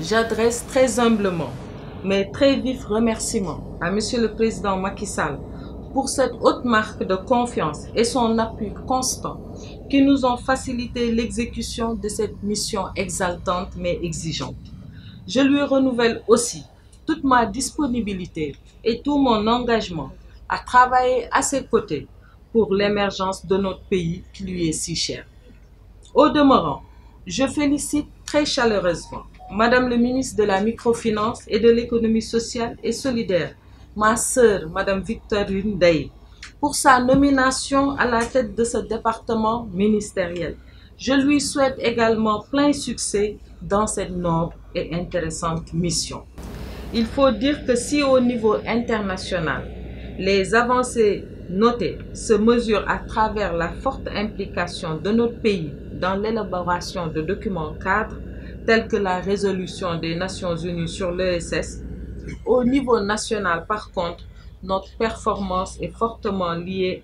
J'adresse très humblement mes très vifs remerciements à Monsieur le Président Macky Sall pour cette haute marque de confiance et son appui constant qui nous ont facilité l'exécution de cette mission exaltante mais exigeante. Je lui renouvelle aussi toute ma disponibilité et tout mon engagement à travailler à ses côtés pour l'émergence de notre pays qui lui est si cher. Au demeurant, je félicite très chaleureusement Madame le ministre de la Microfinance et de l'Économie sociale et solidaire, ma sœur, Madame Victorine Day, pour sa nomination à la tête de ce département ministériel. Je lui souhaite également plein succès dans cette noble et intéressante mission. Il faut dire que si au niveau international, les avancées notées se mesurent à travers la forte implication de notre pays dans l'élaboration de documents cadres, telles que la résolution des Nations Unies sur l'ESS. Au niveau national, par contre, notre performance est fortement liée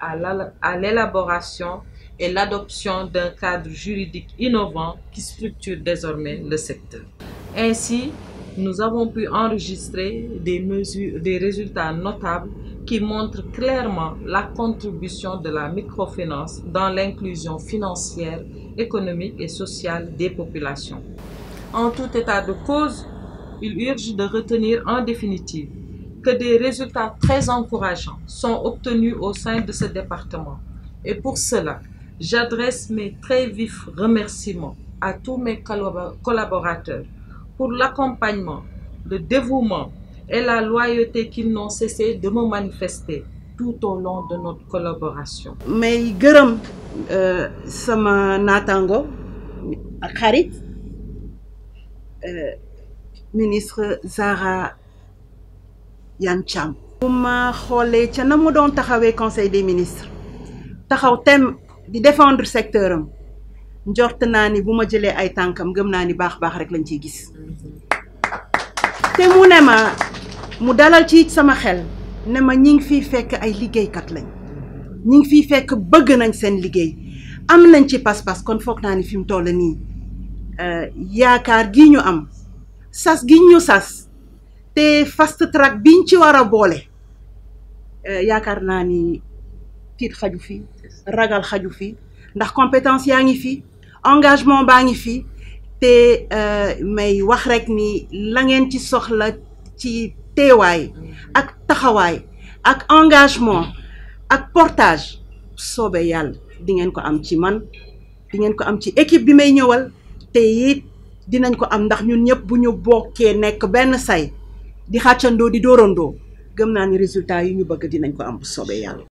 à l'élaboration et l'adoption d'un cadre juridique innovant qui structure désormais le secteur. Ainsi, nous avons pu enregistrer des, des résultats notables qui montrent clairement la contribution de la microfinance dans l'inclusion financière, économique et sociale des populations. En tout état de cause, il urge de retenir en définitive que des résultats très encourageants sont obtenus au sein de ce département. Et pour cela, j'adresse mes très vifs remerciements à tous mes collaborateurs pour l'accompagnement, le dévouement et la loyauté qu'ils n'ont cessé de me manifester tout au long de notre collaboration. mais euh, sama E, ministre Zahra Iyane Thiam. bu ma xoolee ca na mu doon taxawee conseil des ministres taxaw tem di défendre secteur am njort naa ni bu ma jëlee ay tànkam gëm naa ni baax baax rek lañ ciy gis. te mu ne ma mu dalal ci sama xel ne ma ñi ngi fiy fekk ay liggéeykat lañ ñi ngi fiy fekk bëgg nañ seen liggéey am nañ ci pas-pas kon foog naa ni fi mu toll nii. Euh, yaakaar gi ñu am sas gi ñu sas te fast track biñ ci war a boole euh, yaakaar naa ni tiit xaju fi ragal xaju fi ndax compétence yaa ngi fi engagement baa ngi fi te euh, may wax rek ni la ngeen ci soxla ci teewaay ak taxawaay ak engagement ak portage soobe yàlla di ngeen ko am ci man di ngeen ko am ci équipe bi may ñëwal tey it dinañ ko am ndax ñun ñëpp bu ñu bokkee nekk benn say di xàccandoo di dóorandoo gëm naa ni résultat yi ñu bëgg dinañ ko am bu soobee yàlla